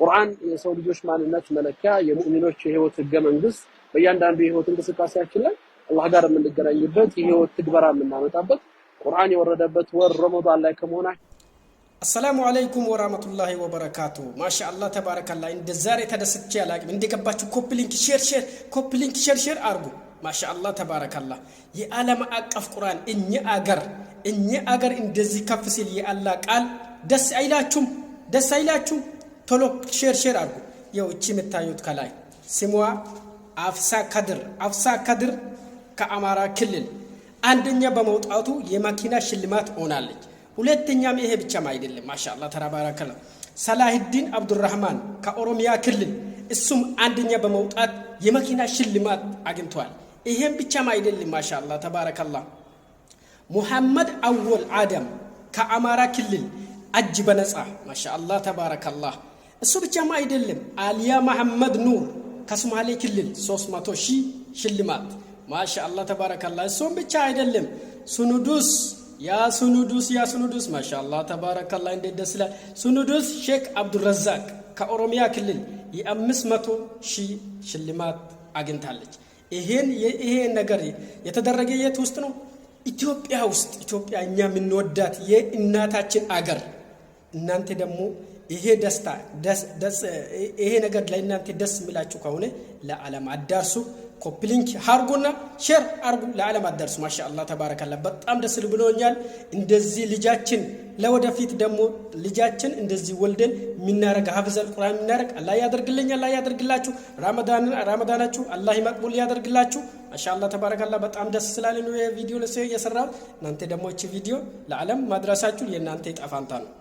ቁርአን የሰው ልጆች ማንነት መለኪያ፣ የሙእሚኖች የህይወት ህገ መንግስት፣ በእያንዳንዱ የህይወት እንቅስቃሴያችን ላይ አላህ ጋር የምንገናኝበት የህይወት ትግበራ የምናመጣበት ቁርአን የወረደበት ወር ረመዳን ላይ ከመሆናቸው አሰላሙ አለይኩም ወራህመቱላሂ ወበረካቱ። ማሻአላህ ተባረከላ። እንደ ዛሬ ተደስቼ አላቅም። እንደገባችሁ ኮፕሊንክ ሼር ሼር ኮፕሊንክ ሼር ሼር አርጉ። ማሻአላህ ተባረከላ የዓለም አቀፍ ቁርአን እኛ አገር እኛ አገር እንደዚህ ከፍ ሲል የአላህ ቃል ደስ አይላችሁም? ደስ አይላችሁም? ቶሎ ሼር ሼር አድርጉ። ይኸው እቺ የምታዩት ከላይ ስሟ አፍሳ ከድር አፍሳ ከድር ከአማራ ክልል አንደኛ በመውጣቱ የመኪና ሽልማት ሆናለች። ሁለተኛም ይሄ ብቻም አይደለም። ማሻላ ተባረከላ። ሰላህዲን አብዱራህማን ከኦሮሚያ ክልል እሱም አንደኛ በመውጣት የመኪና ሽልማት አግኝቷል። ይሄም ብቻም አይደለም። ማሻላ ተባረከላ። ሙሐመድ አወል አደም ከአማራ ክልል አጅ በነጻ ማሻአላ ተባረከላህ እሱ ብቻም አይደለም። አሊያ መሐመድ ኑር ከሶማሌ ክልል 300 ሺህ ሽልማት ማሻ ተባረከላ እሱም ብቻ አይደለም። ሱኑዱስ ያ ሱኑዱስ ያ ሱኑዱስ ማሻ አላህ እንዴት ደስ ይላል። ሱኑዱስ ሼክ አብዱረዛቅ ከኦሮሚያ ክልል የአምስት መቶ ሺህ ሽልማት አግኝታለች። ይሄን ይሄን ነገር የተደረገ የት ውስጥ ነው? ኢትዮጵያ ውስጥ ኢትዮጵያ እኛ የምንወዳት የእናታችን አገር እናንተ ደግሞ ይሄ ደስታ ይሄ ነገር ለእናንተ ደስ የሚላችሁ ከሆነ ለዓለም አዳርሱ። ኮፕሊንክ አርጉና ሼር አርጉ፣ ለዓለም አዳርሱ። ማሻ አላህ ተባረካላ። በጣም ደስ ብሎኛል። እንደዚህ ልጃችን ለወደፊት ደግሞ ልጃችን እንደዚህ ወልደን የሚናረግ ሀፍዘል ቁርአን የሚናረግ አላህ ያደርግልኝ፣ አላህ ያደርግላችሁ። ራመዳናችሁ አላህ መቅቡል ያደርግላችሁ። ማሻ አላህ ተባረካላ። በጣም ደስ ስላለ ነው ቪዲዮ ለሰው እየሰራው። እናንተ ደግሞ እቺ ቪዲዮ ለዓለም ማድረሳችሁ የእናንተ ጠፋንታ ነው።